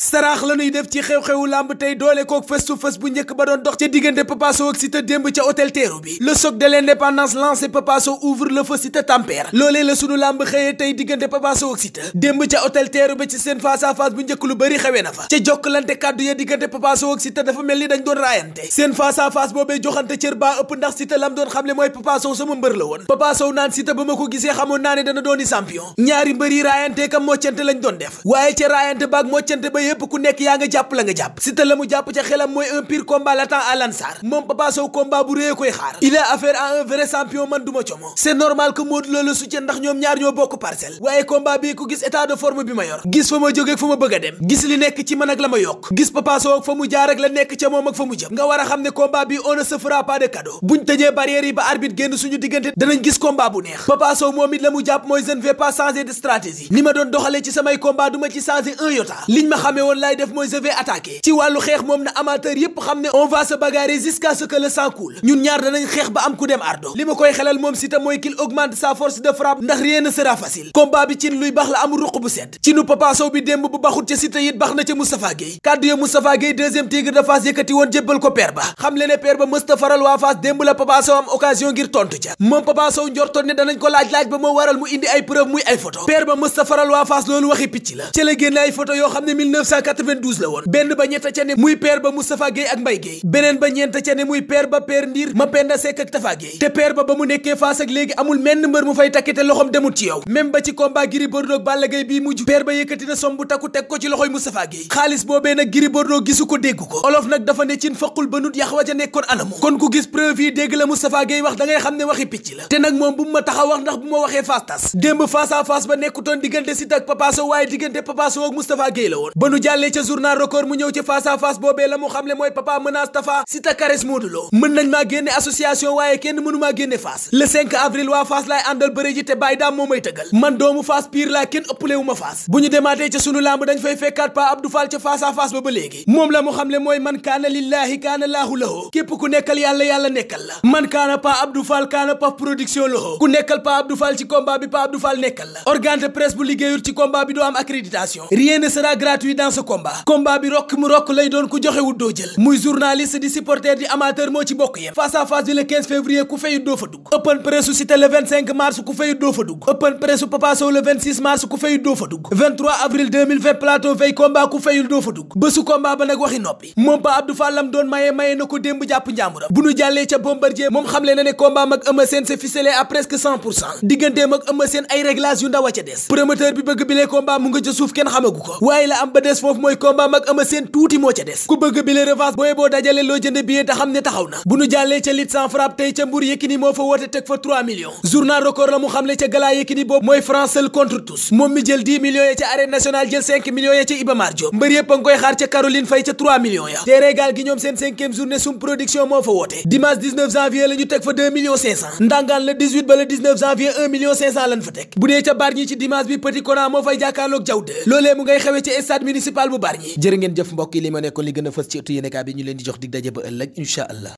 saraax la ñuy def ci xew-xewu làmb tey doole kook fës su fës bu njëkk ba dox ca diggante Papa ak Siteu démb ca hôtel Terrou-Bi le choc de l'indépendance lancé Papa Sow ouvre le feu Siteu tey diggante Papa Sow ak Siteu démb ca hôtel Terrou-Bi ci seen face à bu njëkk lu bëri xewee na fa ca jokkalante kàddu ya diggante Papa Sow ak Siteu dafa mel ni dañ doon raayante seen face à boobee joxante cër baa ëpp ndax Siteu lam doon xamle mooy Papa sama mbër la woon Papa naan Siteu yépp ku nekk yaa nga jàpp la nga jàpp Siteu la mu jàpp ca xelam mooy un pire combat latent à moom Papa Sow bu rëy koy xaar il a affaire à un vrai man duma como c'est normal que Modou Lo le soutien ndax ñoom ñaar ñoo bokk parcelle waaye combat bi ku gis état de forme bi ma gis fa ma jóge fa ma bëgg dem gis li nekk ci man ak la ma yokk gis Papa ak fa mu jaar ak la nekk ca moom ak fa mu jëm nga war a xam ne combat bi ne woon laay def mooy je vais attaquer ci wàllu xeex moom na amateur yépp xam ne on va se bagarrer jusqu'à ce que ñun ñaar danañ xeex ba am ku dem ardo li ma koy xelal moom si mooy qu'il augmente sa force de frappe ndax rien sera facile combat bi cin luy bax la amul ruq bu sedd ci nu bi démb bu baxut ca Siteu it bax na ca Moustapha Gueye kàddu ya Moustapha Gueye deuxième tigre de Fass yëkkati woon jébbal ko père ba xam le ne ba mësta faral 1992 la woon benn ba ñetta ca ne muy père ba Moustapha Guèye ak Mbaye Guèye beneen ba ñeenta ca ne muy père ba père Ndiir Mapenda Seck ak Tafa Guèye te père ba ba mu nekkee Fass ak léegi amul menn mbër mu fay takkite loxom demut ci yow même ba ci combat Gris Bordeaux ak Balla Gaye mujj père ba yëkkati na bu takku teg ko ci loxoy Moustapha Guèye xaalis boobee nag Gris Bordeaux gisu ko dégg ko olof nag dafa ne cin faqul ba nut yax wa ca nekkoon anamu wax da xam ne waxi picc la te nag moom bu ma wax ndax bu ma waxee face tas démb face à face jàllee ca journal record mu ñëw ci face à face boobee la mu xamle mooy papa menace tafa si takares mën nañ maa génne association waaye kenn mënu génne Fass le avril waa Fass laay àndal bëre te bàyyi daam moo may tëggal man doomu Fass pire laa kenn ëppale wu ma bu ñu demaatee ca sunu lamb dañ fay fekkaat pa Abdou Fall ca face à ba ba léegi moom la mu xamle mooy man kaana lillaahi kaana laahu lahu képp ku nekkal yàlla yàlla nekkal la man kaana pa Abdou Fall kaana paf production lahu ku nekkal pa Abdou dans ce combat combat bi rokk mu rokk lay doon ku joxewul doo jël muy journaliste di supporter di amateur moo ci bokk yem face à face bi février ku fayut doo fa dugg open press Siteu le mars ku fayut doo fa dugg avril plateau veille combat ku fayul doo fa dugg bésu combat ba nag waxi noppi moom ba Abdou Fallam doon maye maye na ko démb jàpp njàmburam bu nu jàllee ca Bombardier moom xamle na ne combat mag Eumeu Sène c'est à presque digganteem ak Eumeu ay réglages des foofu mooy combat mag Eumeu Sène tuuti moo ca des ku bëgg bi le revanche loo jënd billet xam ne taxaw na bu nu jàllee ca lit sans frappe tey ca Mbour Yékini moo fa woote teg fa 3 millions journal record la mu xamle ca galaa Yékini boobu mooy France seul contre tous moom mi jël millions ya ca arène nationale jël millions ya ca Iba Mar mbër yépp a koy xaar ca Caroline Faye ca 3 millions ya teereegaal gi ñoom seen cinquième journée municipal bu Bargny jërë ngeen jëf mbokk yi li ma nekkoon li gën a fës ci ëttu yéenekaay bi ñu leen di jox dig daje ba ëllëg incha allah